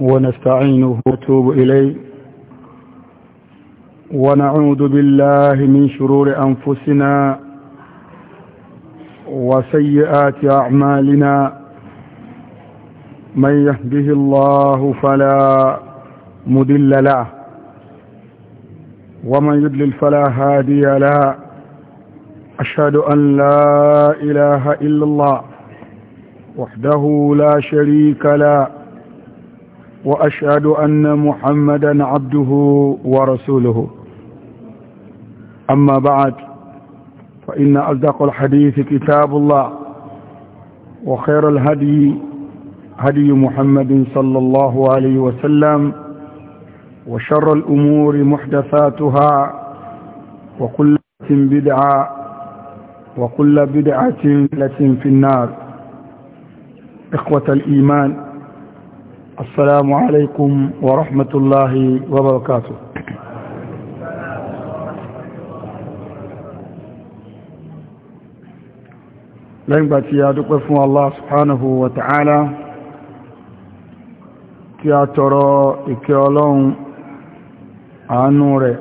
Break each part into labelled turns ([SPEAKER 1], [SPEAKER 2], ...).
[SPEAKER 1] ونستعينه ونتوب إليه ونعوذ بالله من شرور أنفسنا وسيئات أعمالنا من يهده الله فلا مدل له ومن يدلل فلا هادي له أشهد أن لا إله إلا الله وحده لا شريك له وأشهد أن محمدا عبده ورسوله أما بعد فإن أصدق الحديث كتاب الله وخير الهدي هدي محمد صلى الله عليه وسلم وشر الأمور محدثاتها وكل بدعة وكل بدعة في النار إخوة الإيمان السلام عليكم ورحمة الله وبركاته لن باتي يدقفوا الله سبحانه وتعالى كي أترى إكيالون آنوري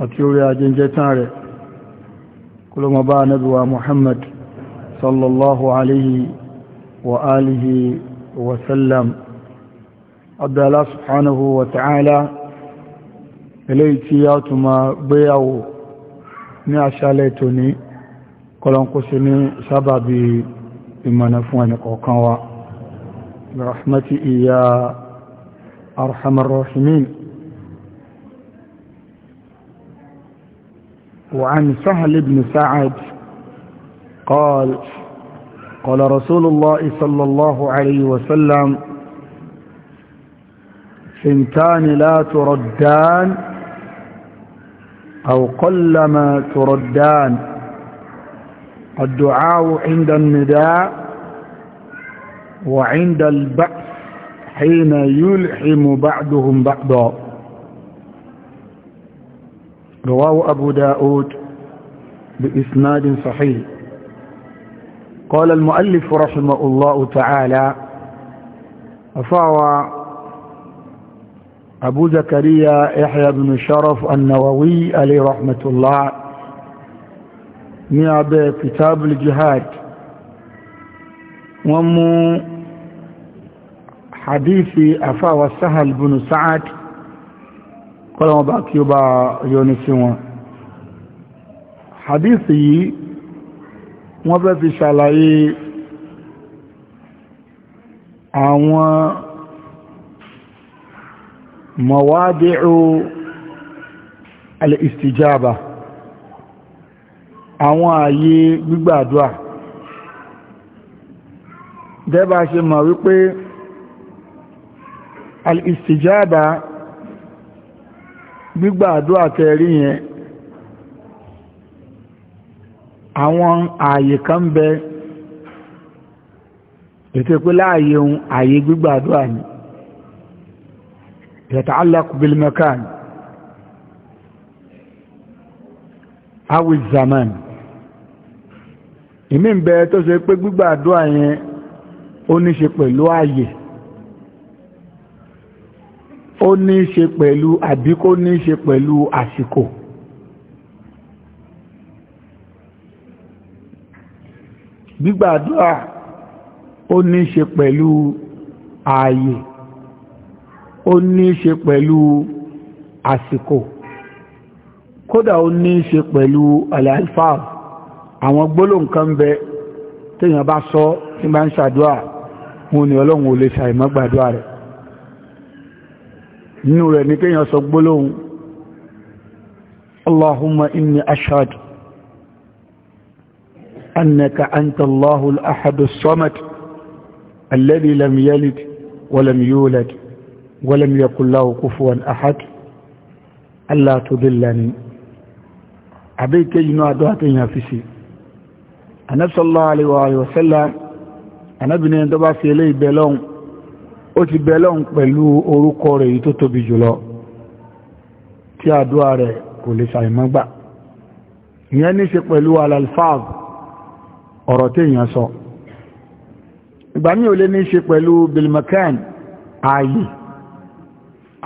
[SPEAKER 1] أتيوري أجنجتان كل مبا نبوى محمد صلى الله عليه وآله وسلم عبد الله سبحانه وتعالى إليتي ياتما بيو نعشاليتني قلن قسني سببي إما نفواني قوقوا برحمتي يا أرحم الراحمين وعن سهل بن سعد قال قال رسول الله صلى الله عليه وسلم سمتان لا تردان أو قلما تردان الدعاء عند النداء وعند البأس حين يلحم بعضهم بعضا رواه أبو داود بإسناد صحيح قال المؤلف رحمه الله تعالى أفاوى أبو زكريا يحيى بن شرف النووي عليه رحمة الله من كتاب الجهاد وم حديث أفاوى سهل بن سعد قال ما بأكيبا يبا حديثي wọ́n fẹ́ fi ṣàlàyé àwọn mọ̀wádìí alìstìjába àwọn ààyè gbígbàdúà dẹ́bà ṣe mọ̀ wípé alìstìjába gbígbàdúà tẹ̀rí yẹn àwọn ààyè kan ń bẹ ètò pé láàyè ohun ààyè gbígbàdúrà ní yata'allaq bil makan awi zaman ìmí ń bẹ tó ṣe pé gbígbàdúrà yẹn ó ní ṣe pẹ̀lú ààyè ó ní ṣe pẹ̀lú àbí ní ṣe pẹ̀lú àsìkò gbígbàdúrà ó ní ṣe pẹ̀lú ààyè ó ní ṣe pẹ̀lú àsìkò kódà ó ní ṣe pẹ̀lú al-alfaz àwọn gbólóhùn kan bẹ téèyàn bá sọ tí bá ń ṣàdúrà wọn ni ọlọ́run ò lè ṣàìmọ́ gbàdúrà rẹ̀ nínú rẹ̀ ní kéèyàn sọ gbólóhùn Allahumma inni ashhadu أنك أنت الله الأحد الصمد الذي لم يلد ولم يولد ولم يكن له كفوا أحد ألا تضلني أبيك جنا دعات ينفسي أنا صلى الله عليه وسلم أنا بني أندبا في لي بلون أوتي بلون بلو أورو كوري يتوتو بجلو تيا دواري كل سايمان با يعني سيقبلو على الفاظ ọ̀rọ̀ téèyàn sọ ìgbà míì ò lè ní í ṣe pẹ̀lú bilmakan ààyè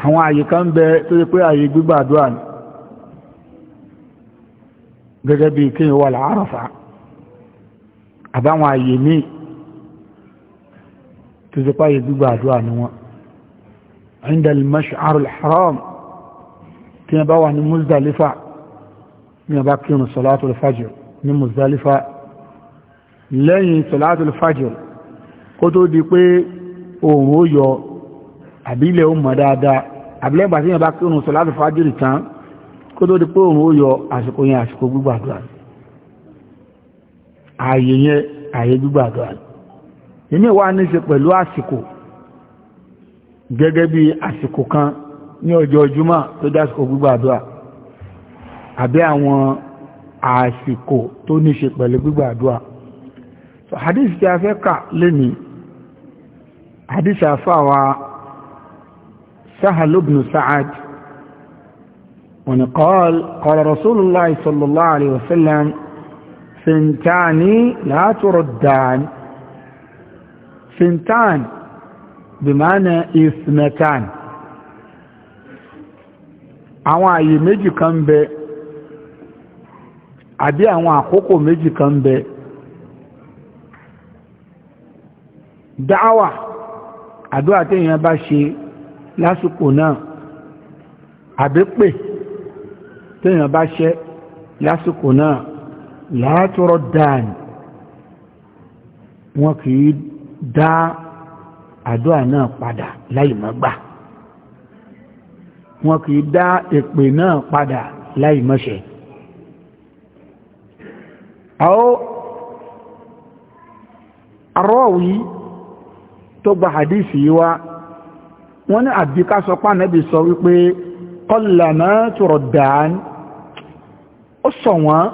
[SPEAKER 1] àwọn ààyè kan ń bẹ tó yẹ pé ààyè gbígbàdúrà ni gẹ́gẹ́ bí kí wà láàrọ̀fà àbáwọn ààyè míì tó yẹ pé ààyè gbígbàdúrà ni wọn عند المشعر الحرام كما بوا من مزدلفة كما بوا والفجر من lẹ́yìn sọ̀látùl fàjọ̀ kó tó di pé oòrùn ó yọ àbílẹ̀ ó mọ̀ dáadáa àbílẹ́gbà tí yẹn bá kírun sọ̀látùl fàjọ̀ tán kó tó di pé oòrùn ó yọ àsìkò yẹn àsìkò gbígbàdúrà ààyè yẹn ààyè gbígbàdúrà èmi wà ní ṣe ọjọ́ jùmọ́ tó dásìkò gbígbàdúrà àbí àwọn àsìkò tó ní pẹ̀lú gbígbàdúrà so hadith tí a fẹ́ kà lẹ́ni hadith àfáwà sahal ibn sa'ad wọn qal qala rasulullah sallallahu alaihi wasallam sintani la turaddan sintan bimana ismatan àwọn àyè méjì kan bẹ àbí àwọn àkókò méjì kan bẹ dáwà àdúrà téèyàn bá ṣe lásìkò náà àbípè téèyàn bá ṣe lásìkò náà látọrọ dáàni wọn kì í dá àdúrà náà padà láì mọ́gbà wọn kì í dá èpè náà padà láì mọ́ṣẹ̀ àwọ́ àrọ́wìí tó gba hadisi yìí wá wọ́n ní àbíká sọ pá nẹ́bí sọ wípé kọlànà tọrọ dáán ó sọ wọ́n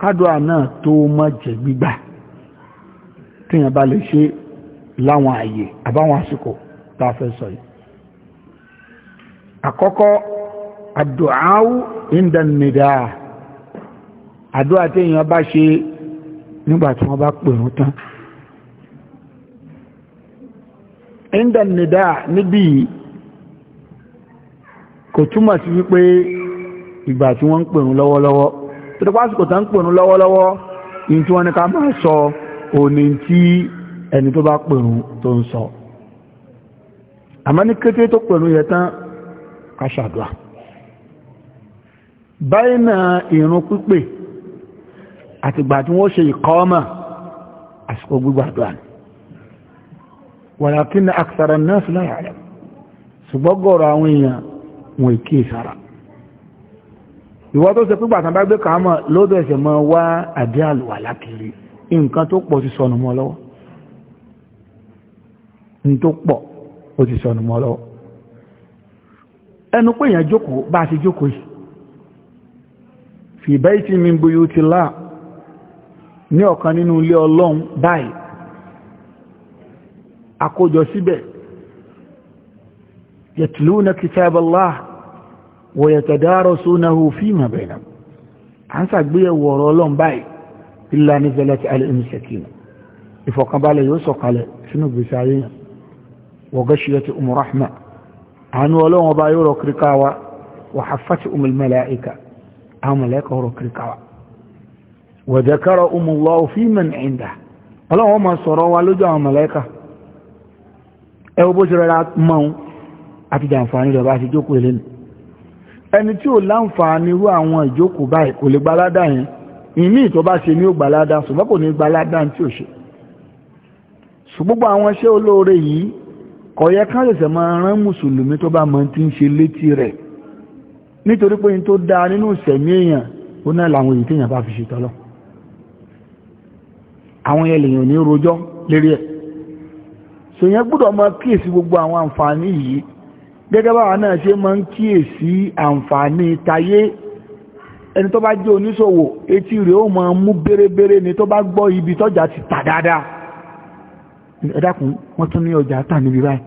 [SPEAKER 1] kádùá náà tó mọ́ jẹ gbígbà tíyàn bá lè ṣe láwọn àyè àbáwọn àsìkò tá a fẹ́ sọ yìí àkọ́kọ́ àdùáwù ìndànìdà àdúrà tíyàn bá ṣe nígbà tí wọ́n bá pèrún tán inda nida níbi kò túmọ̀ sí wípé ìgbà tí wọ́n ń pèrún lọ́wọ́lọ́wọ́ tó tó pásìkò tán ń pèrún lọ́wọ́lọ́wọ́ in tí wọ́n ní ká máa sọ òní tí ẹni tó bá pèrún tó ń sọ àmọ́ ní kété tó pèrún yẹ tán ká báyìí náà ìrún pípè àtìgbà tí wọ́n ṣe ìkọ́ọ́mà àsìkò gbígbàdúrà ni ولكن أكثر الناس لا يعلم ya'lam ṣùgbọ́n gọ̀rọ̀ àwọn èèyàn wọn kí sára ìwọ́n tó ṣe pípà tán bá gbé kàámọ̀ lóòdó ẹ̀sẹ̀ mọ́ wá àdé àlùwà lákiri nǹkan tó pọ̀ ti sọnù mọ́ lọ́wọ́ ní tó pọ̀ ó ti sọnù mọ́ lọ́wọ́ ẹnu pé èèyàn jókòó bá a ti jókòó yìí fi baytin min buyutillah ní ọ̀kan nínú ilé ọlọ́run báyìí àkójọ síbẹ̀ yatluna kitaballah wa yatadarasunahu fima bainahum à ń sàgbéyẹ̀wò ọ̀rọ̀ ọlọ́run báyìí illa nazalat alayhim sakina ìfọ̀kànbalẹ̀ yóò sọ̀kalẹ̀ sínú gbèsè ayé yẹn wa ghashiyatuhum rahma àánú ọlọ́run ọba yóò rọ̀ kíríkáwa wa haffatuhum al-mala'ika àwọn mọ̀lẹ́kà rọ̀ kíríkáwa wa dhakarahum Allahu ẹwọ bó ṣe rọra mọ́un àti jàǹfààní rẹ̀ bá ṣe jókòó ilé nù ẹni tí ò láǹfààní irú àwọn ìjókòó báyìí kò lè gbaládá yẹn ìmí ìtọ́ bá ṣe ní ó gbaládá ṣùgbọ́n kò ní gbaládá tí ò ṣe ṣùgbọ́n àwọn iṣẹ́ olóore yìí kò yẹ ká ṣẹ̀ṣẹ̀ máa rán mùsùlùmí tó bá mọ tí ń ṣe létí rẹ̀ nítorí pé ní tó dáa nínú ìṣẹ̀mí èèyàn ó náà làwọn èyí téèyàn bá fi ṣètọ́lọ́ àwọn ẹlẹ́yìn ò ní rojọ́ lérí ẹ̀ sèyàn gbọ́dọ̀ máa kíyèsí gbogbo àwọn àǹfààní yìí gẹ́gẹ́ báwa náà ṣe máa ń kíyèsí àǹfààní tayé ẹni tó bá jẹ́ oníṣòwò etí rẹ̀ ó máa mú bérebére ni tó bá gbọ́ ibi tọ́jà ti tà dáadáa ẹ dákun wọ́n tún ní ọjà tà níbi báyìí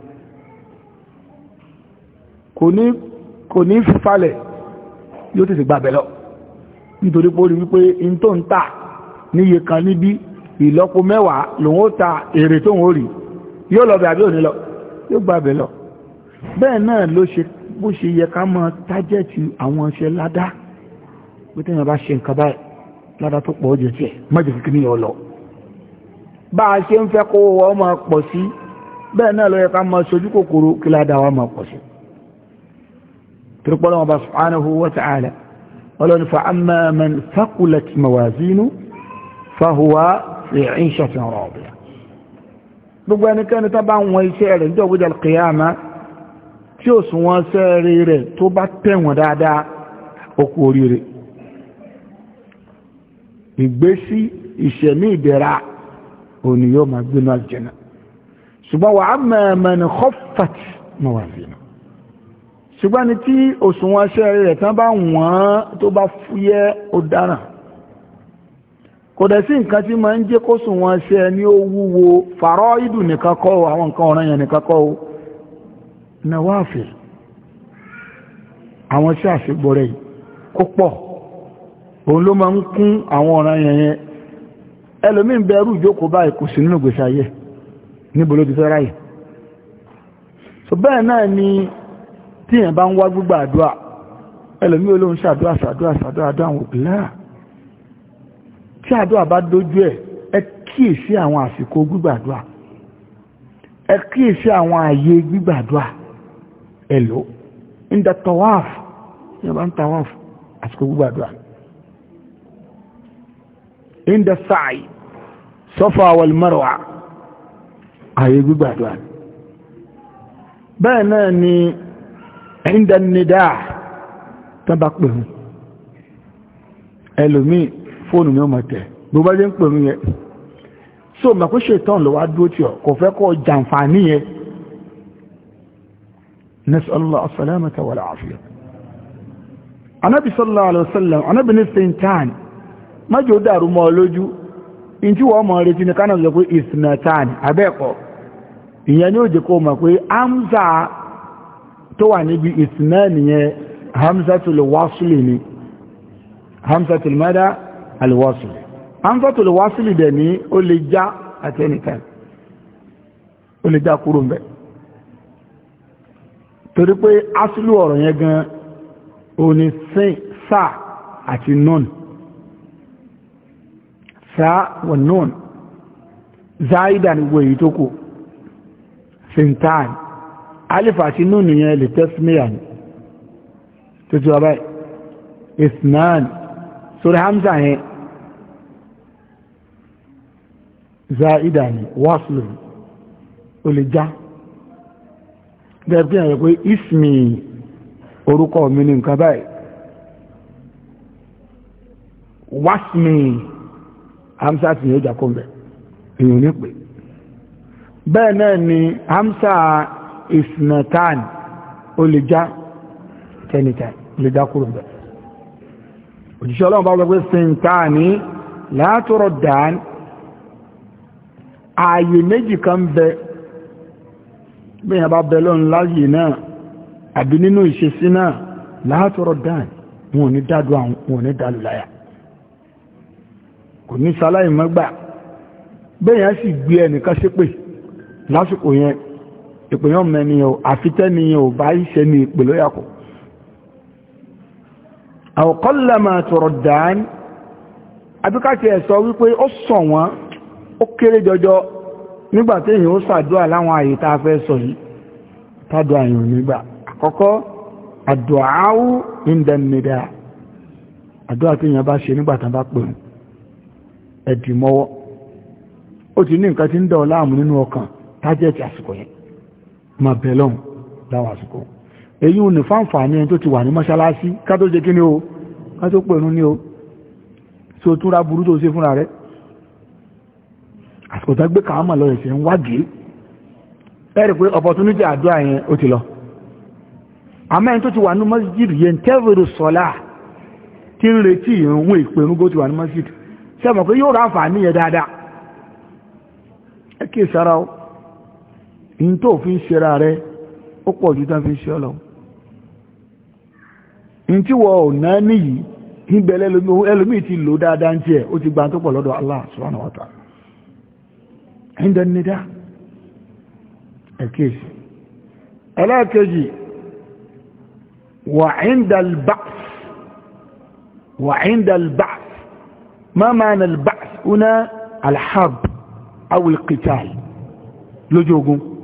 [SPEAKER 1] kò ní kò yóò tètè gbàbẹ̀ lọ nítorí pé ó rí wípé in tó ń tà níye kan níbi ìlọ́po mẹ́wàá lòun ó ta èrè tóun ó rí yóò lọ bẹ̀ àbí òní lọ yóò gbà bẹ̀ lọ bẹ́ẹ̀ náà ló ṣe bó ṣe yẹ ká mọ tájẹ́tì àwọn iṣẹ́ ládá pé tẹ́yàn bá ṣe nǹkan báyìí ládá tó pọ̀ jẹ́ tiẹ̀ mọ́jọ kíkiri yọ lọ bá a ṣe ń fẹ́ kó wọ́n máa pọ̀ sí bẹ́ẹ̀ náà ló yẹ ká mọ sojú kòkòrò kí ládá wa máa pọ̀ sí tìrìpọ́lọ́ wọn bá subhanahu wa ta'ala ọlọ́ni gbogbo ẹnikẹ́ni tó bá wọn iṣẹ́ rẹ̀ níjọ́ gbọ́dọ̀ kìíyàmá tí ó sùn wọn sẹ́ẹ̀rí rẹ̀ tó bá tẹ̀wọ̀n dáadáa okú oríire ìgbésí ìṣẹ̀mí ìdẹ̀ra òní yóò máa gbénu àjẹ́nà ṣùgbọ́n wà á mẹ́ẹ̀mẹ́ni hofat mọ̀wàfínà ṣùgbọ́n ni tí òsùn wọn sẹ́ẹ̀rí rẹ̀ tán bá wọ́n tó bá fúyẹ́ ó dáràn kò dẹ̀ sí nǹkan tí ma ń jẹ́ kó sùn wọn ṣe ní ó wúwo fàárọ̀ ìdù nìkan kọ́ àwọn nǹkan yẹn nìkan kọ́ nawafil àwọn sí àṣegbọ̀rẹ̀ kó pọ̀ òun ló máa ń kún àwọn ọ̀ràn yẹn yẹn ẹlòmí ń bẹ̀rù ìjókòó báyìí kò sí nínú gbèsè ayé níbo so bẹ́ẹ̀ náà ni tíyẹn bá ń wá àdúrà ẹlòmí olóhun ṣàdúrà ṣàdúrà tí àdúrà bá dójú ẹ̀ ẹ kíyèsí àwọn àsìkò gbígbàdúrà ẹ kíyèsí àwọn ààyè gbígbàdúrà ẹ lò ń da tawaf yẹn bá ń tawaf àsìkò gbígbàdúrà ń da sa'i Safa wal Marwa ààyè gbígbàdúrà bẹ́ẹ̀ náà ni ń da nìdá tàbá pẹ̀lú ẹlòmíì fóònù ní ọmọ tẹ̀ ló bá dé ń pè mí yẹn so mọ̀ kó ṣètàn lọ́wọ́ dúró tí ọ kò fẹ́ kọ́ jàǹfààní yẹn nasalala asalamata wa laafiya anabi sallallahu alaihi wasallam anabi ní saint tan májò dàrú mọ́ lójú in wọ́n mọ̀ retí ní kánà lọ pé isnatan abẹ́ẹ̀kọ́ ìyẹn ni jẹ́ kó mọ̀ pé hamza tó wà níbi isnan nìyẹn hamza tó lè wásùlè ni hamza tó lè mẹ́dá alwasili anzọ́tò lè wasili dẹ̀ ní ó lè já at any time ó lè já kúrò mẹ́ torí pé asìlú ọ̀rọ̀ yẹn gan ó ní sáà àti non sáà wọ non záìdà ní gbogbo èyí tó kù sintan alif àti nun yẹn lè tẹ́símíyà ní tó ti wá báyìí isnan sórí hamza yẹn zaida ni waslun o lè já gẹ́gẹ́ àyẹ̀ pé ismi orúkọ mi ní nǹkan báyìí wasmi hamsa ti yóò jákó mẹ́ èyàn ní pé bẹ́ẹ̀ náà ni hamsa isnatan o lè já kúrò mẹ́ òjíṣẹ́ ọlọ́run bá wọ́n sèǹtà ní látọ̀rọ̀ dáa ààyè méjì kan bẹ bẹ́yàn bá bẹ lọ́nà láàyè náà àbí nínú ìṣesí náà látọ̀rọ̀ dáàn wọn ò ní dádù àwọn wọn ò ní dálù láyà kò ní sáláì mọ́gbà bẹ́yàn sì gbé ẹnìkan ṣépè lásìkò yẹn ìpèyàn mẹ́niyàn àfitẹ́niyàn ò bá iṣẹ́ ní ìpè lóyàkọ̀ àwọ̀kọ́lẹ̀mà tọ̀rọ̀ dáàn àbíkàtì ẹ̀sọ wípé ó sọ wọn ó kéré jọjọ nígbà tí èyàn ó ṣàdúrà láwọn àyè tá a fẹ́ sọ yìí tádùn àyàn nígbà àkọ́kọ́ àdùáwù ìndẹ̀mìdà àdúrà tí èyàn bá ṣe nígbà tán bá pè ẹ̀dìmọ́wọ́ ó ti ní nǹkan tí ń dọ̀ láàmú nínú ọkàn tájẹ́ẹ̀tì àsìkò yẹn máa bẹ̀ lọ́hùn láwọn àsìkò èyí ò ní fáǹfààní ẹni tó ti wà ní mọ́ṣáláṣí ká tó jẹ́ kí ni o ká tó pè ní o tí o túnra burú tó ṣe fúnra rẹ̀ àsìkò tó gbé kàámà lọ ìṣẹ́ ń wágìí ẹ̀rì pé opportunity àdúrà yẹn ó ti lọ àmẹ́yìn tó ti wà ní masjid yẹn tẹ́vẹ̀rù sọ́lá tí ń retí ìrùn ìpèrúgó ti wà ní masjid sẹ́mọ̀ pé yóò ráfà ní dáadáa ẹ kí ó tó rẹ ó pọ̀ tán fi ń ṣe tí wọ́n ò náà ti lò dáadáa ń tiẹ̀ ti gba tó pọ̀ lọ́dọ̀ Allah subhanahu عند النداء الكيس ألا تجي وعند البعث وعند البعث ما معنى البعث هنا الحرب أو القتال لجوجون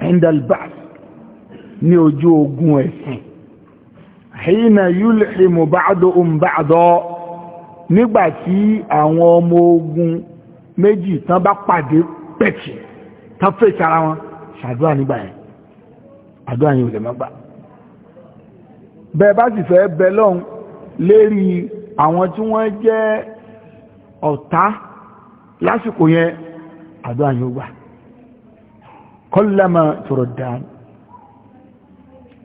[SPEAKER 1] عند البعث نيوجوجون حين يلحم بعضهم بعضا nígbàtí àwọn ọmọ méjì tán bá pàdé pẹ̀tì tán fèsì ara wọn ṣàdúrà nígbà yẹn àdúrà yẹn ò lè má gbà bẹ́ẹ̀ bá sì fẹ́ bẹ lọ́hùn lérí àwọn tí wọ́n jẹ́ ọ̀tá lásìkò yẹn àdúrà yẹn ò gbà kọ́lẹ́mà tọrọ dáa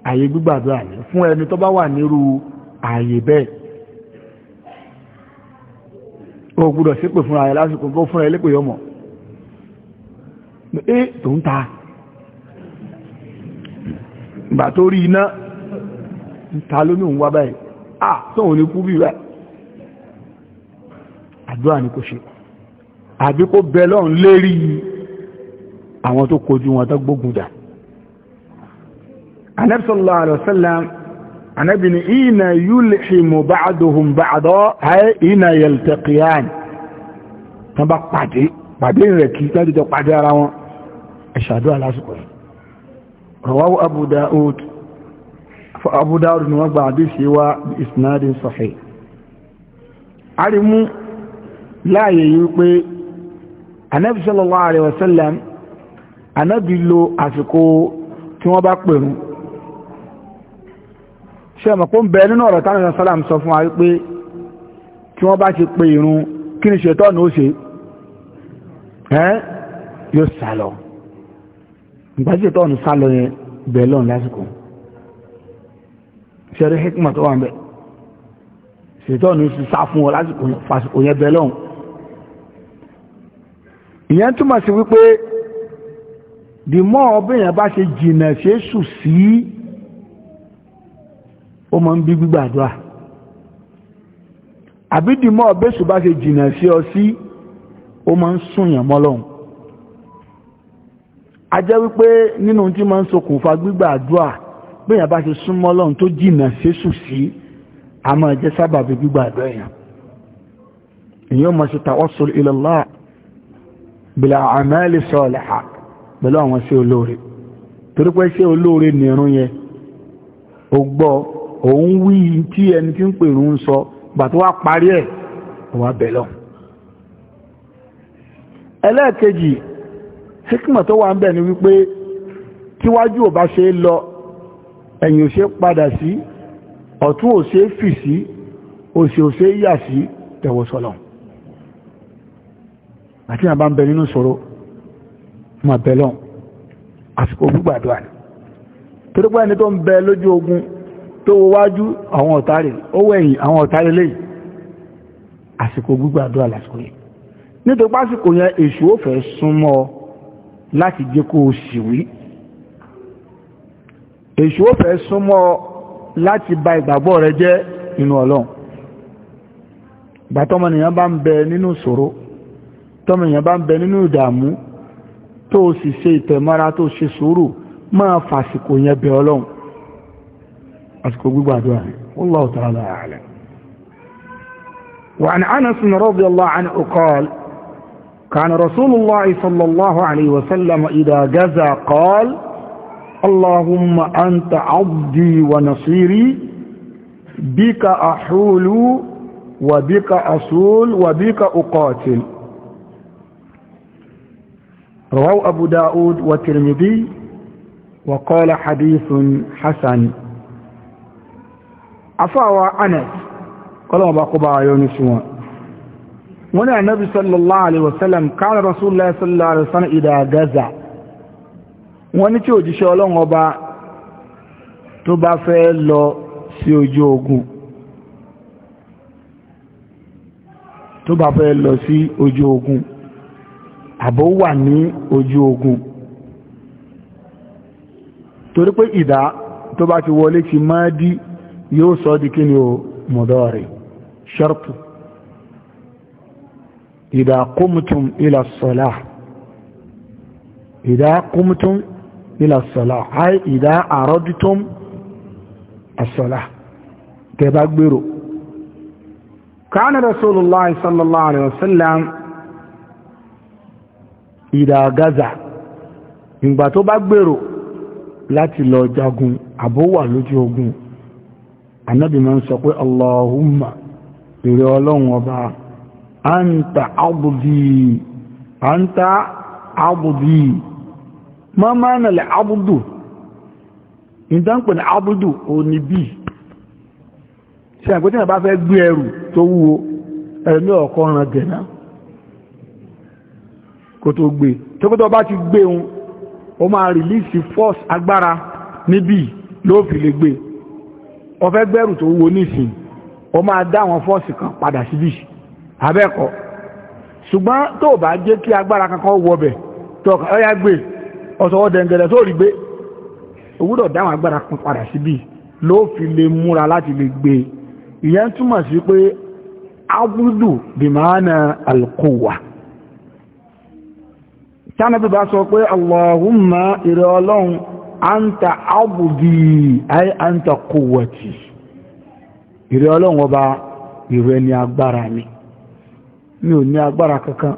[SPEAKER 1] àyè gbígbàdúrà yẹn fún ẹni tó bá wà nírú àyè bẹ́ẹ̀ ó gbúdọ̀ ṣépè fúnra rẹ̀ lásìkò bó fúnra ilé pè yọmọ̀ pé tó ń ta ìgbà tó rí iná ta ló òun wá báyìí ah tóun ní kú bí rẹ̀ àdúrà ní kò ṣe àbí kó bẹ lọ́n lérí àwọn tó kojú wọn tó gbógun dà anabi ni ina yulhimu ba'duhum ba'da hay ina yaltaqiyan tan ba pàdé pàdé re ki tan jọ pàdé ara wọn ashadu ala sukun rawahu abu daud fa abu daud ni wa gba hadisi wa bi isnadin sahih arimu láàyè yìí pé anabi sallallahu alaihi anabi lo àsìkò tí wọ́n bá pẹ̀rùn ṣe mọ̀ pé ń bẹ nínú ọ̀rọ̀ tánà sálàm sọ fún wa pé tí wọ́n bá ti pe irun kí ni ṣètọ́nù ó ṣe ẹ́ yóò sálọ ìgbà tí ṣètọ́nù sálọ yẹn bẹ̀ lọ́n lásìkò ṣẹ́rí hikmat wà ń bẹ̀ ṣètọ́nù sì sá fún ọ lásìkò fàṣìkò yẹn bẹ̀ lọ́n ìyẹn túmọ̀ sí wípé dìmọ́ ọbẹ̀ yẹn bá ṣe jìnà ṣe sù sí ó máa ń bí gbígbàdúrà àbídìmọ́ ọ̀bẹ́sù bá ṣe jìnà sí ọ sí ó máa ń súnyàn mọ́lọ́hun a jẹ́ wípé nínú tí máa ń ṣokùnfà gbígbàdúrà bẹ́yàn bá ṣe súnmọ́ Ọlọ́run tó jìnà sésù sí a máa jẹ́ sábàbí gbígbàdúrà èèyàn èyí ó máa ṣe tawassul ila Allah bil a'mal salihah pẹ̀lú àwọn ṣe olóore torípé ṣe olóore nìrún yẹn ó gbọ́ òun wí tí ẹni tí ń pèrò ń sọ bà tó wá parí ẹ̀ wà bẹ̀lọ́ ẹlẹ́ẹ̀kejì hikmọ̀ tó wà ń bẹ̀ ni wípé tíwájú ò bá ṣe lọ ẹ̀yìn ò ṣe padà sí ọ̀tún ò ṣe fì sí òṣè ò ṣe yà sí tẹ̀wọ̀sọ̀lọ̀ àti àbá ń bẹ nínú sọ̀rọ̀ mà bẹ̀lọ́ àsìkò gbígbàdúrà torípé ẹni tó ń bẹ lójú ogun tó wájú àwọn ọ̀tá rẹ̀ ó wẹ̀yìn àwọn ọ̀tá rẹ̀ lẹ́yìn àsìkò gbígbàdúrà lásìkò yẹn nítorí pásìkò yẹn èṣù ó fẹ́ súnmọ́ láti jẹ́ kó o sì wí èṣù ó fẹ́ súnmọ́ láti ba ìgbàgbọ́ rẹ jẹ́ nínú ọlọ́run gbàtọ́mọnìyàn bá ń bẹ nínú ìṣòro tọ́mọnìyàn bá ń bẹ nínú ìdààmú tó sì ṣe ìtẹ̀mọ́ra tó ṣe sùúrù máa fàsìkò yẹn bẹ ọlọ́run أذكر gbígbàdúrà والله تعالى أعلم وعن أنس رضي الله عنه قال كان رسول الله صلى الله عليه وسلم إذا جزى قال اللهم أنت عبدي ونصيري بك أحول وبك أصول وبك أقاتل رواه أبو داود والترمذي وقال حديث حسن afáwa anas kọlọ̀ọ̀bá kọba ayọ́ ní ṣíwọ́n wọ́n ni annabi sallallahu alaihi wasallam kára rasulullah sallallahu alaihi wasallam ìdá gaza wọ́n ni tí òjíṣẹ́ ọlọ́run ọba tó bá fẹ́ lọ sí ojú ogun tó bá fẹ́ lọ sí ojú ogun àbó wà ní ojú yóò sọ di kí ni o mudari shartu idha qumtum ila salah idha qumtum ila salah ay idha aradtum as-salah tẹ́bá gbèrò kana rasulullah sallallahu alaihi wasallam idha gaza ìgbà tó bá gbèrò láti lọ jagun àbówà lójú ogun ànábì máa ń sọ pé allahumma èrè ọlọ́run ọba anta abudi anta abudi ma máa nà lẹ abudu ìdánpẹ̀ ní abudu ò ní bí ṣe àpótí náà bá fẹ́ gbé ẹrù tó wúwo ẹ̀mí ọ̀kọ́ ọ̀ràn gẹ̀ẹ́ná kò tó gbé tó bá ti gbé ohun ó máa rìlíìsì force agbára níbi ló fi lè gbé ọfẹ́ gbẹ́rù tó wo nísìn ọ máa dá àwọn fọ́ọ̀sì kan padà síbí abẹ́kọ̀ ṣùgbọ́n tó bá jẹ́ kí agbára kankan wọbẹ̀ tọ́ka ọyá gbé ọ̀sọ̀wọ́ dẹ̀ngẹ̀dẹ̀ tó rí gbé òwúrọ̀ dáwọn agbára kan padà síbí ló fi lè múra láti lè gbé ìyẹn túmọ̀ sí pé agbúdù bìmánà alkùwà tánàbí bá sọ pé Allahumma ìrẹ ọlọ́run anta abudi ay anta quwwati ìrẹ́ ọlọ́run ọba ìrẹ́ ni agbára mi mi ò ní agbára kankan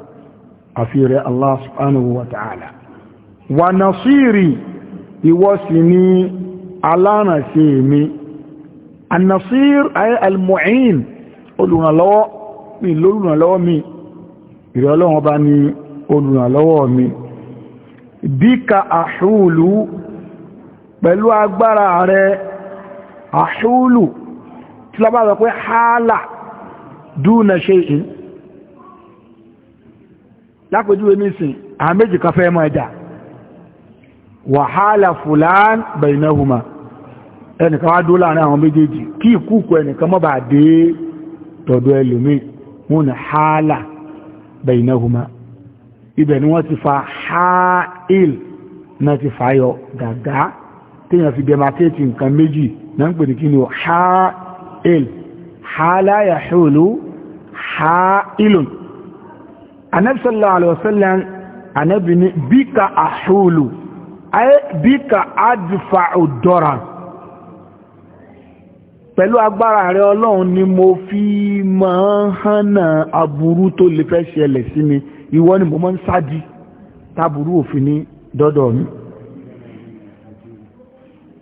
[SPEAKER 1] àfi ìrẹ́ Allah subhanahu wa ta'ala wa nasiri ìwọ sì ni alánàṣe mi annasir ay almu'in olùrànlọ́wọ́ mi lórùrànlọ́wọ́ mi ìrẹ́ ọlọ́run ọba ni olùrànlọ́wọ́ mi bíka àṣúlù pẹ̀lú agbára rẹ̀ àṣúlù tí lábá sọ pé hálà dúnà ṣe in lápẹjúwé nísìn àmẹ́jì kan fẹ́ máa jà wàhálà fùlán bẹ̀rẹ̀nàhùmá ẹnìkan wá dúó láàrin àwọn méjèèjì kí ìkúkù ẹnìkan mọ́ bà dé tọ̀dọ̀ ẹlòmí wọn ni hálà ti fa háìl téèyàn fi demarcate nǹkan méjì náà ń pè ní kí ni ha il ha la yahulu ha ilun anabi sallallahu alaihi wasallam anabi ni bika ahulu ay bika adfa'u dora pẹ̀lú agbára rẹ ọlọ́run ni mo fi máa ń hànà aburú tó lè fẹ́ ṣẹlẹ̀ sí mi ìwọ ni mo máa ń sádi táburú òfin ní dọ́dọ̀ mi. Mm -hmm.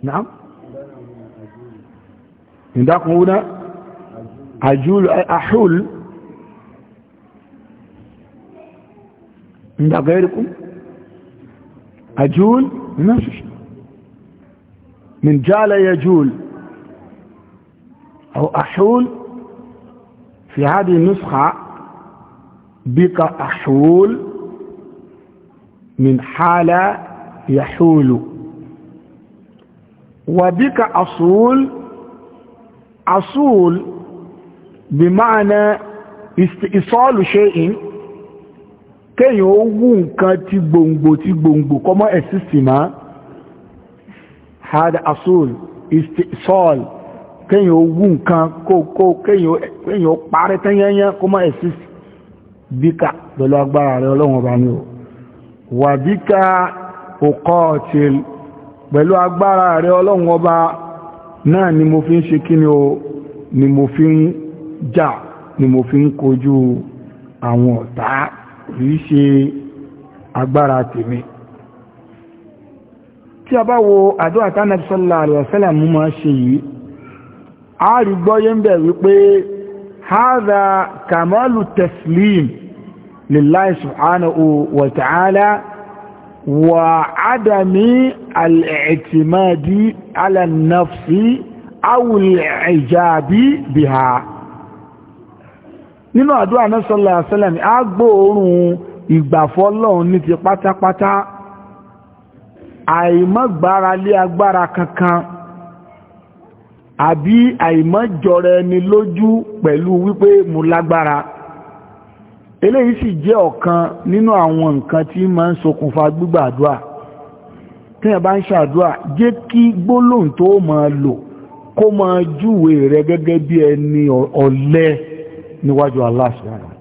[SPEAKER 1] نعم عندكم هنا أجول أحول عند غيركم أجول نفس الشيء من جال يجول أو أحول في هذه النسخة بقى أحول من حال يحول وبك أصول أصول بمعنى استئصال شيء kéèyàn ó wú nǹkan tí gbòǹgbò tí gbòǹgbò kọmọ́ ẹ̀sìsì máa had asul istisol kéèyàn ó wú nǹkan kókó kéèyàn ó parí tẹ́yẹnyẹ́ kọmọ́ ẹ̀sìsì bíkà pẹ̀lú agbára rẹ̀ ọlọ́wọ̀n bá ní o wà bíkà òkọ́ ọ̀tí pẹ̀lú agbára rẹ ọlọ́run ọba náà ni mo fi ń ṣe kíni o ni mo fi ń jà ni mo fi ń kojú àwọn ọ̀tá kìí ṣe agbára tèmi tí a bá wo àdúrà tánà sallallahu alaihi wasallam mú máa ṣe yìí a rí gbọ́yé ń bẹ̀ wípé hadha kamalu teslim lillahi subhanahu wa ta'ala وعدم الاعتماد على النفس او الاعجاب بها nínú àdúrà náà sallallahu alaihi wasallam a gbóòórùn ìgbàfọ́lọ́run ní ti pátápátá àìmọ́gbára lé agbára kankan àbí àìmọ́jọrẹ ni lójú pẹ̀lú wípé mo lágbára eléyìí sì jẹ́ ọ̀kan nínú àwọn nǹkan tí máa ń ṣokùnfà gbígbàdúà tíyàn bá ń ṣàdúà jẹ́ kí gbólóhùn tó máa lò kó máa júwe rẹ gẹ́gẹ́ bí ẹni ọ̀lẹ níwájú Allah subhanahu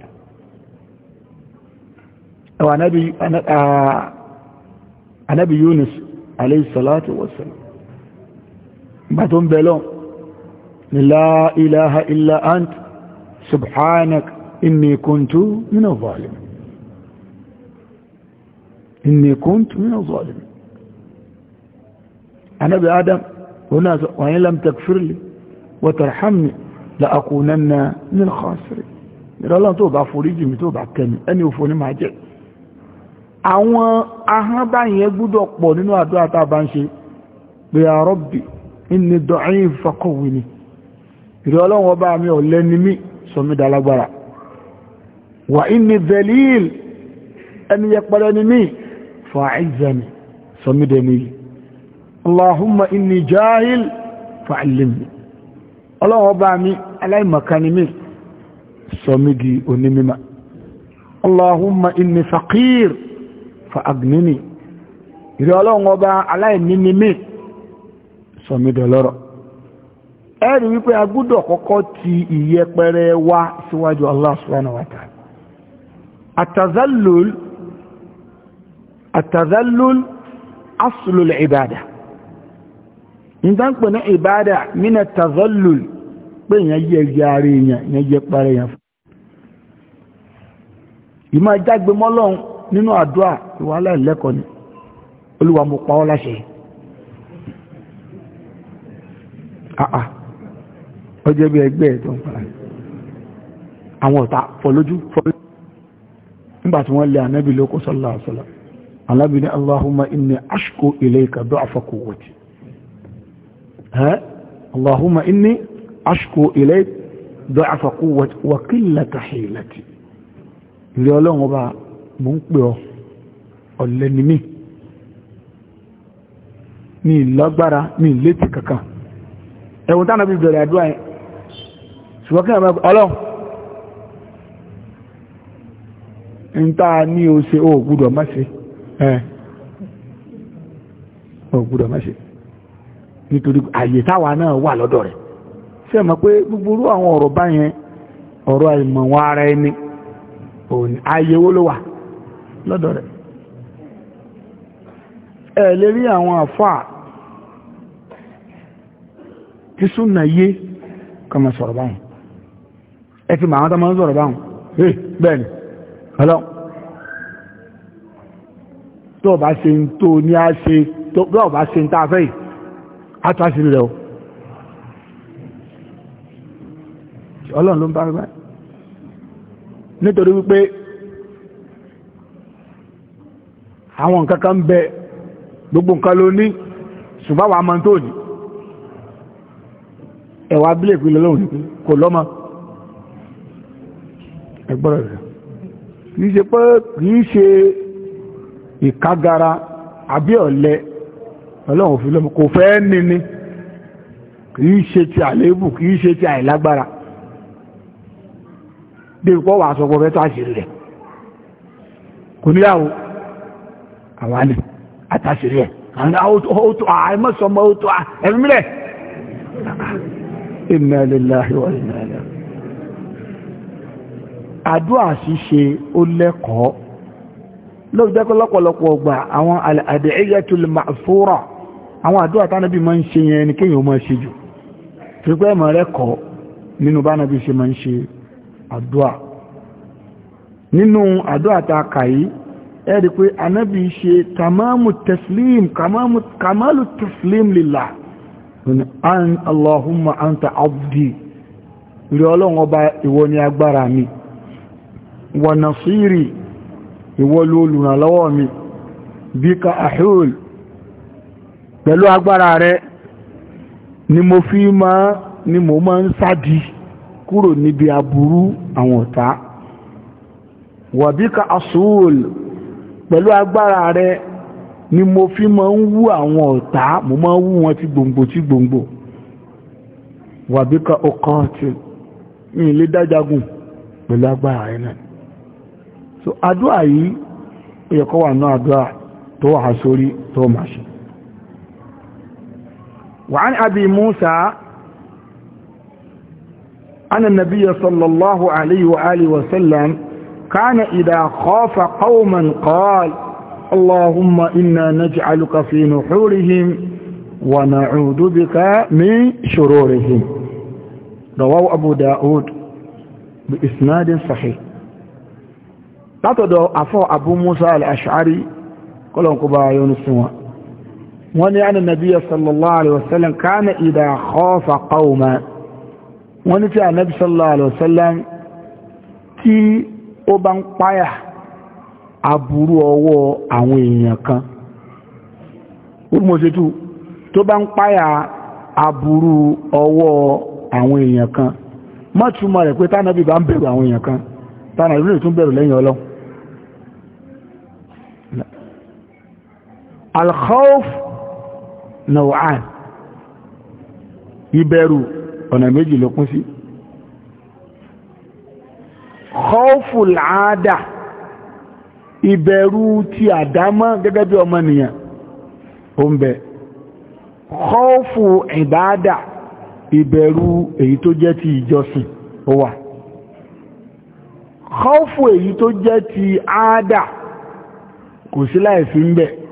[SPEAKER 1] wa ta'ala ant subhanak إني كنت من الظالم، إني كنت من الظالم، أنا zalimin هنا وإن لم sọ wa in lam takfir li wa tarhamni la akunanna min al-khasirin ìrọ́lọ́n tó bá foríjì mi tó bá kẹmi ẹni òfò ní máa jẹ́ àwọn ahán báyìí pọ̀ nínú àdúrà tá ń ṣe pé ya Rabbi inni da'if faqawwini ìrọ́lọ́wọ́ bá mi ọ̀lẹ́ni mi sọ mí wà inni dhalil ẹni yẹpẹrẹ ni mí fa'izzani sọmídẹ̀mí allahumma inni jahil fa'allimni ọlọ́wọ́ bá mi aláìmọ̀kaní mí sọmídì onímímá allahumma inni faqir fa'agnini ìrẹ́ ọlọ́wọ́ bá aláìmímí mí sọmídẹ̀lọ́rọ̀ ẹ̀rí wípé agbúdọ̀ kọ́kọ́ ti ìyẹpẹrẹ wá síwájú Allah subhanahu wa ta'ala التذلل التذلل أصل العبادة إذا كنا عبادة من التذلل بين يجارين يجارين ìmọ̀ ìjágbe mọ́lọ́run nínú àdúrà ìwà aláìlẹ́kọ̀ọ́ ni olúwa mo pa ọ́ láṣẹ àà ọjọ́ bí ẹgbẹ́ ẹ̀ tó ń pa àwọn ọ̀tá fọ́lójú fọ́lójú nígbà tí wọ́n lé ànábì lóko sallallahu alaihi wasallam ànábì ní allahumma inni ashku ilayka du'afa quwwati allahumma inni ashku ilayka du'afa quwwati wa qillata hilati ilé ọlọ́run ọba mò ń pè ọ ọ̀lẹ ni mí ní ìlọ́gbára ní ìlétí kankan ẹ̀wọ̀n tánàbí bẹ̀rẹ̀ àdúrà yẹn ṣùgbọ́n kí ń tá ní o ṣe o gbúdọ̀ má ṣe ẹ̀ o gbúdọ̀ má ṣe nítorí àyè táwa náà wà lọ́dọ̀ rẹ̀ ṣe mọ̀ pé gbogbo àwọn ọ̀rọ̀ báyẹn ọ̀rọ̀ àìmọ̀ wọn ara ẹni àyè wo ló wà lọ́dọ̀ rẹ̀ ẹ lè rí àwọn àfáà tí súnà yé kọmọ sọ̀rọ̀ báyìí ẹ ti mọ̀ àwọn tó sọ̀rọ̀ báyìí bẹ́ẹ̀ ni ọlọ́ tó bá ṣe ń tó ní á ṣe tó bá ṣe ń tàfẹ́ yìí á tó àṣírí rẹ̀ o ọlọ́run ló ń bá rí báyìí nítorí wípé àwọn nǹkan kan bẹ gbogbo nǹkan ló ní ṣùgbọ́n wà á mọ tó ní ẹ̀wà abílẹ̀ ìpínlẹ̀ lọ́wọ́ kò lọ́mọ ẹgbọ́rọ̀ rẹ̀ kìí ṣe pé kìí ṣe ìkágara àbí ọ̀lẹ ọlọ́run fi lọ́mọ kò fẹ́ níní kìí ṣe ti àléébù kìí ṣe ti àìlágbára débi pọ́ wà sọ pọ́fẹ́ tó àṣírí rẹ̀ kò níyàwó àwọn àlè àtàṣírí ẹ̀ àìmọ́sọmọ́ ó tó ẹ̀mí rẹ̀ inna lillahi àdúà ṣíṣe ó lẹ́kọ̀ọ́ lóòrùn jẹ́ kó lọ́pọ̀lọpọ̀ ọgbà àwọn al-ad'iyatul ma'thura àwọn àdúà tánàbí máa ń ṣe yẹn ní kéyàn máa ṣe jù pípẹ́ ìmọ̀ rẹ̀ kọ́ nínú bánàbí ṣe máa ń ṣe àdúà nínú àdúà ta kàyí ẹ̀rí pé anábì ṣe tamamu taslim kamalu taslim lillah an allahumma anta abdi rí ọlọ́run ọba ìwọ ni agbára mi wa nasiri ìwọ ló olùrànlọ́wọ́ mi bika ahul pẹ̀lú agbára rẹ ni mo fi ma ni mo ma ń sádi kúrò níbi aburú àwọn ọ̀tá wa bika asul pẹ̀lú agbára rẹ ni mo fi ma ń wú àwọn ọ̀tá mo ma ń wú wọn ti gbòǹgbò ti gbòǹgbò wa bika ọkọ̀ ti ní ilé dájagun pẹ̀lú agbára rẹ náà so àdúà yìí ó yẹ kó wà náà àdúà tó wà sórí tó máa ṣe وعن أبي موسى أن النبي صلى الله عليه وآله وسلم كان إذا خاف قوما قال اللهم إنا نجعلك في نحورهم ونعوذ بك من شرورهم رواه أبو داود بإسناد صحيح látọ̀dọ̀ afọ́ Abu Musa al-Ash'ari kọlọ̀nkọba yọnu wọ́n ni ánà sallallahu alaihi wasallam kánà ìdá khafa qauma wọ́n ni tí a nàbí sallallahu alaihi wasallam ọwọ́ àwọn èèyàn kan olùmọ̀sẹ̀tù to ba kan rẹ̀ pé tánàbí bá ń bẹ̀rù àwọn èèyàn kan tánàbí rẹ̀ tún bẹ̀rù lẹ́yìn alkhawf nau'an ìbẹ̀rù ọ̀nà méjì ló kún sí khawfu al'ada ìbẹ̀rù ti àdámọ́ gẹ́gẹ́ bí ọmọnìyàn ó ń bẹ khawfu ìbádà ìbẹ̀rù èyí tó jẹ́ ti ìjọsìn ó wà khawfu èyí tó jẹ́ ti àádà kò sí láìfí ń bẹ̀rù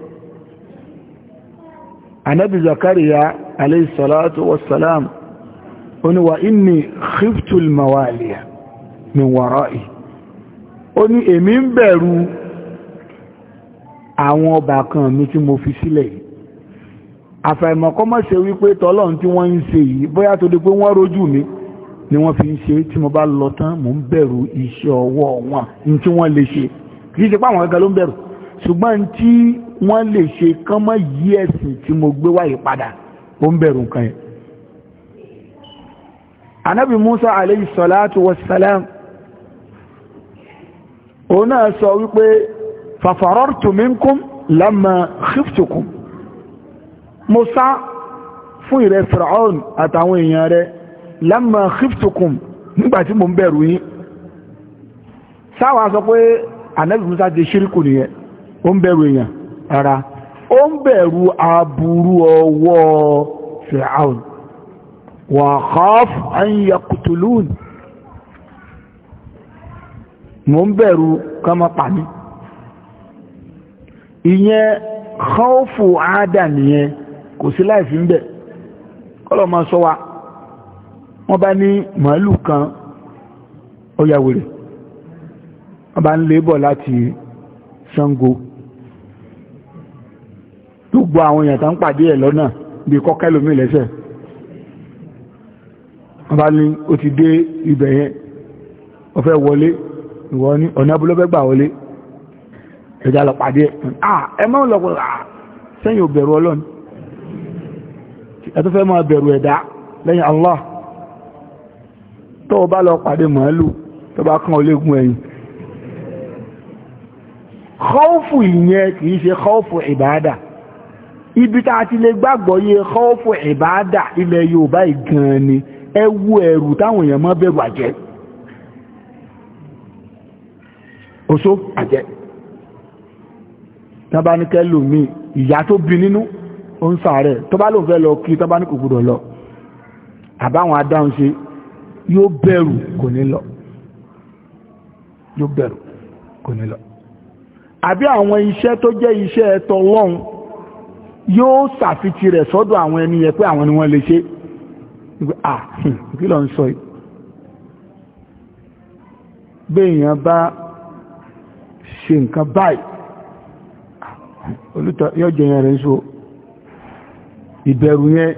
[SPEAKER 1] anabi zakariya alayhi salatu wassalam ó ní wa inni khiftul mawaliya min wara'i ó ní èmi ń bẹ̀rù àwọn ọbàkan mi tí mo fi sílẹ̀ yìí àfàìmọ̀kọ́ mọ́ ṣe wípé tọ́lọ́n tí wọ́n ń ṣe yìí bóyá tó di pé wọ́n rójú mi ni wọ́n fi ń ṣe mo bá lọ tán mo ń bẹ̀rù iṣẹ́ ọwọ́ wọn ní tí wọ́n lè ṣe kìí ṣe pàwọn gẹ́gẹ́ ló ń ṣùgbọ́n tí wọ́n lè ṣe kán mọ́ yí ẹ̀sìn tí mo gbé wáyé padà ó ń bẹ̀rù nǹkan yẹn anábì Musa alayhi salatu wassalam òun náà sọ wípé fafarartu minkum lamma khiftukum mo sá fún ìrẹ Fir'aun àtàwọn èèyàn rẹ̀ lamma khiftukum nígbàtí mo ń bẹ̀rù yín sáwà sọ pé anábì Musa ti ṣíríkù nìyẹn ó ń bẹ̀rù èèyàn rárá ó ń bẹ̀rù aburú ọwọ́ fìràún wà kọ́ọ̀fù àyíyà kùtùlùún mo ń bẹ̀rù kọ́mọ pàmí ìyẹn kọ́ọ̀fù àádà nìyẹn kò sí láìfí ń bẹ̀ kọ́lọ̀ máa sọ wa wọ́n bá ní màálù kan ọyàwèrè wọ́n bá ń lébọ̀ láti Ṣàngó tó gbọ́ àwọn èèyàn tó ń pàdé ẹ̀ lọ́nà bí kọ́kẹ́ lómi lẹ́sẹ̀ wọ́n bá ní ó ti dé ibẹ̀ yẹn ó fẹ́ wọlé ìwọ ní ọ̀nà abúlọ́fẹ́ gbà wọlé ẹ̀dá lọ pàdé ẹ̀ mọ́ lọ́pọ̀ sẹ́yìn òbẹ̀rù ọlọ́run ẹ̀tọ́ fẹ́ máa bẹ̀rù ẹ̀dá lẹ́yìn Allah tó o bá lọ pàdé màálù tó bá kán olégun ẹ̀yìn khawfu ìyẹn kìí ṣe khawfu ìbáadà ibi tá a ti lè gbàgbọ́ yé kọ́ọ̀fù ìbáàdà ilẹ̀ yorùbá ìgan ni ẹ wo ẹ̀rù táwọn èèyàn mọ́ bẹ̀rù àjẹ́ oṣó àjẹ́ tọ́ba ní kẹ́lòmí ìyá tó bí nínú ó ń sàárẹ̀ tọ́ba lọ kí tọ́ba gbọdọ̀ lọ àbáwọn adáhùn ṣe yóò bẹ̀rù kò ní lọ yóò bẹ̀rù kò ní lọ àbí àwọn iṣẹ́ tó jẹ́ iṣẹ́ ẹ̀tọ́ lọ́hùn yóò ṣàfitì rẹ̀ sọ́dọ̀ àwọn ẹni yẹn pé àwọn ni wọ́n lè ṣe kí ló ń sọ yìí béèyàn bá ṣe nǹkan báyìí olùtọ̀ yóò jẹ yẹn rẹ̀ ń so ìbẹ̀rù yẹn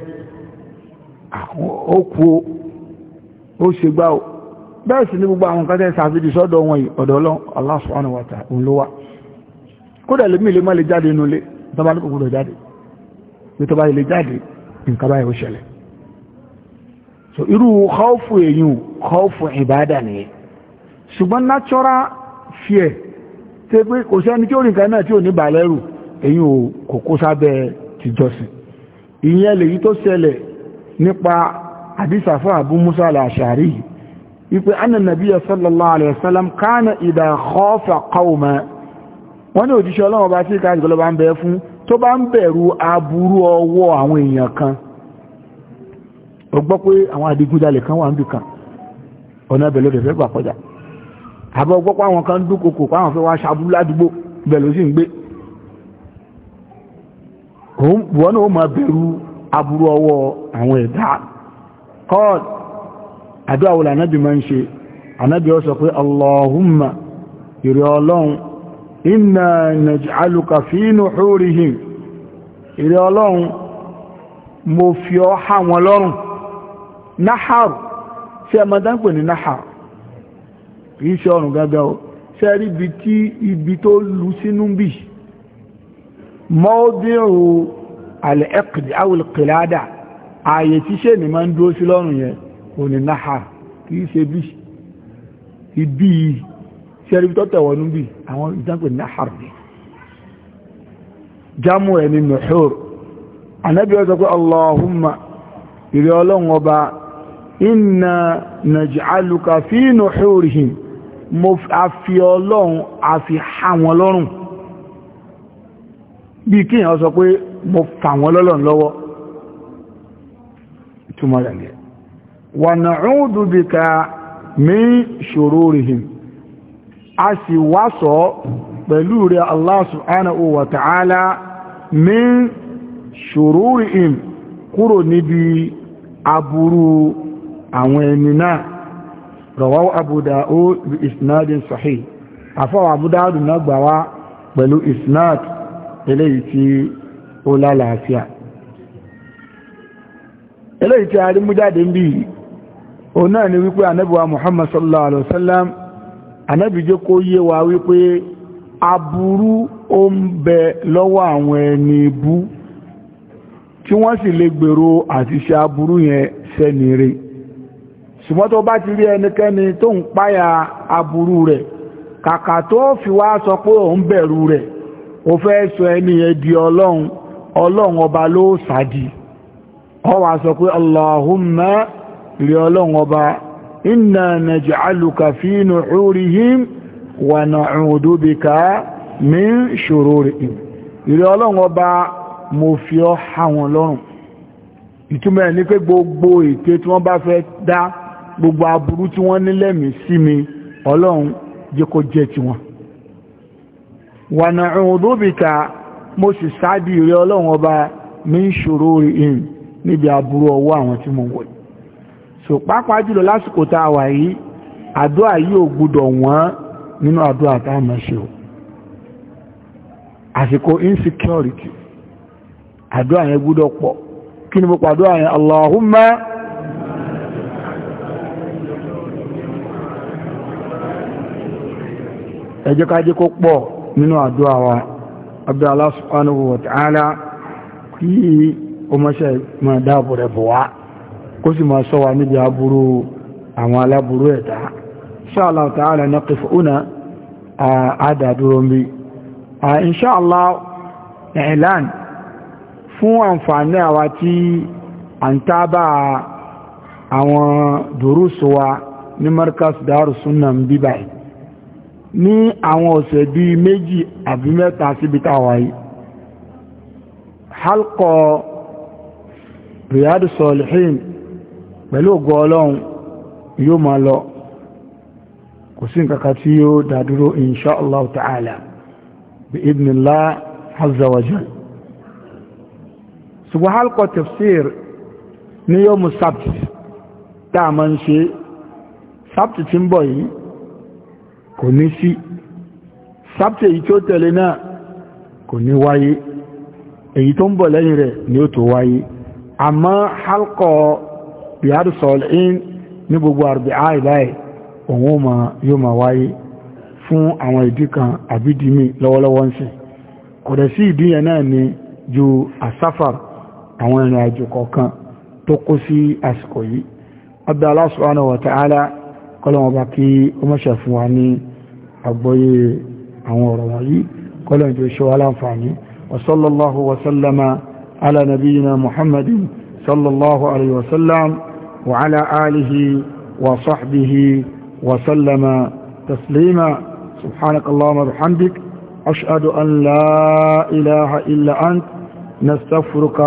[SPEAKER 1] ó kú ó ṣe gbá o bẹ́ẹ̀ sì ní gbogbo àwọn kan tẹ́ ṣàfitì sọ́dọ̀ wọn yìí ọ̀dọ̀ Ọlọ́run Allah subhanahu òun ló wà kódà lèmi lè má lè jáde nulẹ̀ tọ́bá ní jáde ní tó bá ilé jáde nǹkan báyìí ó ṣẹlẹ̀ so irú khawfu èyàn khawfu ìbádà nìyẹn ṣùgbọ́n natural fear ṣe pé kò sẹ́ni tí ó rìn kan náà tí ò ní bàlẹ́rù èyàn ò kò kó sábẹ́ tìjọsìn ìyẹn lèyí tó ṣẹlẹ̀ nípa àdísàfọ́ àbú musa al-ashari wípé annanabiya sallallahu alaihi wasallam kana idha khafa qauma wọ́n ní òjíṣẹ́ ọlọ́wọ́ bá sí ìkáàdì gọlọ́bà ń bẹ fún tó bá ń bẹ̀rù aburú ọwọ́ àwọn èèyàn kan ó gbọ́ pé àwọn kan wà ń dùn ọ̀nà ẹbẹ̀ ló fẹ́ àbọ̀ gbọ́ kan pàwọn fẹ́ wá wọ́n bẹ̀rù aburú ọwọ́ àwọn ẹ̀dá àdúrà ń ṣe sọ inna nàìjíríà fi nuhurihim ọlọ́run mo fi ọ́ ha wọn lọ́rùn náhàrù sí ẹmọdánkò ní náhàrù kì í ṣe ọrùn gángan o ṣe rí ibi tí ibi tó lu sínú bì mọ́ọ́dínrù alẹ́ẹ̀kìdì awùlùkìláàdà ààyè tí ṣe ní máa ń dúró sí lọ́rùn yẹn kò ní náhàrù kì í ṣe ibi yìí ṣẹ́rí tó tẹ̀wọ̀nú bí àwọn ìjánpẹ̀ ní àhàrùn jámù ẹ̀ ni nuhur anábí ọjọ́ pé allahumma ìrẹ́ ọlọ́run ọba inna naj'aluka fi nuhurihim mo àfi ọlọ́run àfi ha wọn lọ́rùn bí kí èèyàn sọ a sì wá sọ pẹ̀lú rẹ̀ Allah subhanahu wa ta'ala min shururihim kúrò níbi aburú àwọn ẹni náà rawahu Abu Dawud bi isnadin sahih àfọwà Abu Dawud náà gbà wá pẹ̀lú isnad eléyìí tí ó lálàáfíà eléyìí tí a rí mú jáde ń bí òun náà ni wípé ànábì Muhammad sallallahu alaihi wasallam anábìjẹ́ kó yé wa wípé aburú ó ń bẹ lọ́wọ́ àwọn ẹni bú tí wọ́n sì lè gbèrò àti ṣe aburú yẹn sẹ́ni rẹ̀ ṣùgbọ́n tó bá ti rí ẹnikẹ́ni tó ń páyà aburú rẹ̀ kàkà tó fi wá sọ pé òun bẹ̀rù rẹ̀ ó fẹ́ sọ ẹni yẹn di ọlọ́run ọlọ́run ọba ọba إنا نجعلك في نحورهم ونعوذ بك من شرورهم ìrẹ́ ọlọ́run ọba mo fi ọ́ ha wọn ní pé gbogbo ète tí wọ́n bá fẹ́ dá gbogbo aburú tí wọ́n nílẹ̀mí sí mi ọlọ́run jẹ́ kó jẹ́ ti wọn mo sì sáàdì ọlọ́run ọba min shururihim níbi aburú ọwọ́ àwọn tí mo wọ̀nyí so pàápàá jùlọ lásìkò tá a wà yìí àdúrà gbúdọ̀ wọ́n nínú àdúrà tá a máa ṣe o àsìkò insecurity àdúrà yẹn gbúdọ̀ pọ̀ kí ni mo pàdúrà yẹn Allahumma ẹjọ́ ká jẹ́ kó pọ̀ nínú àdúrà wa abdá subhanahu wa ta'ala kí o mọ́ṣẹ́ dáàbò rẹ̀ bọ̀ wá kó sì máa ṣọ́ wa níbi aburú àwọn aláburú ẹ̀dá inshallah ta'ala naqif una àádàdúró mi inshallah ìlànà fún àǹfààní àwa tí a ń tábà àwọn dùrúsù wa ní markas dárùsúnnà ń bíbáyìí ní àwọn ọ̀sẹ̀ bí méjì àbí mẹ́ta síbi táwà halkọ̀ riyadu solihin pẹ̀lú ògo ọlọ́run yóò máa lọ kò sí nǹkan tí yóò dádúró insha allah ta'ala bi idnillah azza wa jal ṣùgbọ́n halkọ̀ tafsir ní yóò mú sábtì tá a máa ń ṣe sábtì tí ń bọ̀ yìí kò ní sí sábtì èyí tí ó tẹ̀lé náà kò ní wáyé èyí tó ń bọ̀ lẹ́yìn rẹ̀ ni ó tó wáyé àmọ́ halkọ̀ Riyadu Salihin ní gbogbo àrùbíà ìbáyìí òun yóò máa wáyé fún àwọn ìdí kan àbídìmí lọ́wọ́lọ́wọ́ ń sìn kò dẹ̀ sí ìdí yẹn náà ni ju àsáfàr àwọn ìrìn àjò kọ̀ọ̀kan tó kó sí àsìkò yìí ọdá Allah subhanahu wa ta'ala bá kí ó mọ́ṣẹ̀ fún wa ní àgbọ́yé àwọn ọ̀rọ̀ wọ̀nyí kọ́lọ̀wọ́n jẹ́ ṣe wá láǹfààní wasallallahu wasallama ala nabiyina muhammadin sallallahu alaihi wasallam وعلى آله وصحبه وسلم تسليما سبحانك اللهم وبحمدك أشهد أن لا إله إلا أنت نستفرك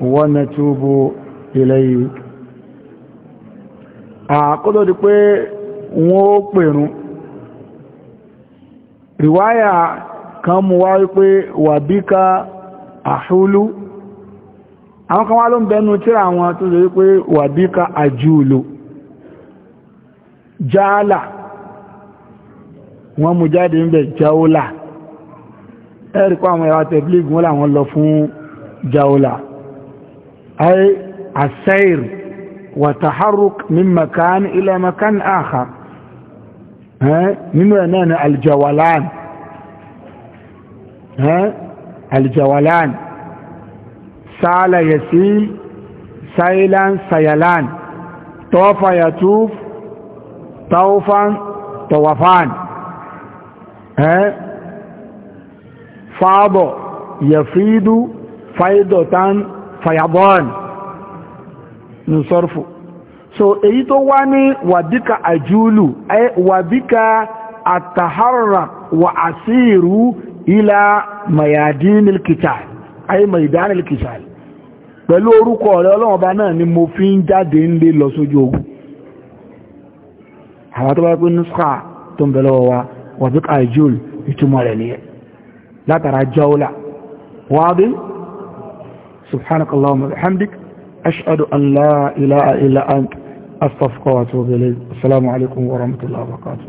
[SPEAKER 1] ونتوب إليك àkọ́dọ̀ di pé wọ́n ó pèrún ríwáyà kan àwọn kan wá ló ń bẹnu tíra wọn tó lè pé wàbíkà àjúlò jáàlà wọ́n mú jáde ń bẹ̀ jáólà ẹ̀rìkọ́ àwọn ẹwà tẹ̀blíg wọ́n làwọn lọ fún jáólà ayé àṣẹ́ìr wàtàhárùk min makan ila makan akhar nínú ẹ̀ náà ni aljawalan aljawalan sáàlà yẹ̀sí sáìlán sayalan tọ́fà yàtúf taufan tọwafan ẹ́ fábọ̀ yẹ̀fídú fáìdọ̀tán fayabọ́n ní sọ́rfù so èyí tó wá ní wàdíkà àjúlù ẹ́ wàdíkà àtàhárà wà àsírù ilá mayadínil kìtàl ay maidanil kìtàl pẹ̀lú orúkọ rẹ̀ ọlọ́run ọba náà ni mo fi ń jáde ń lé lọ sójú ogun àwọn tó bá pín nuska tó ń bẹ lọ́wọ́ wa wàbík àìjúl ìtumọ̀ rẹ̀ nìyẹn látara jọ́ọ́lá wábí subhanakallahumma bihamdik ashhadu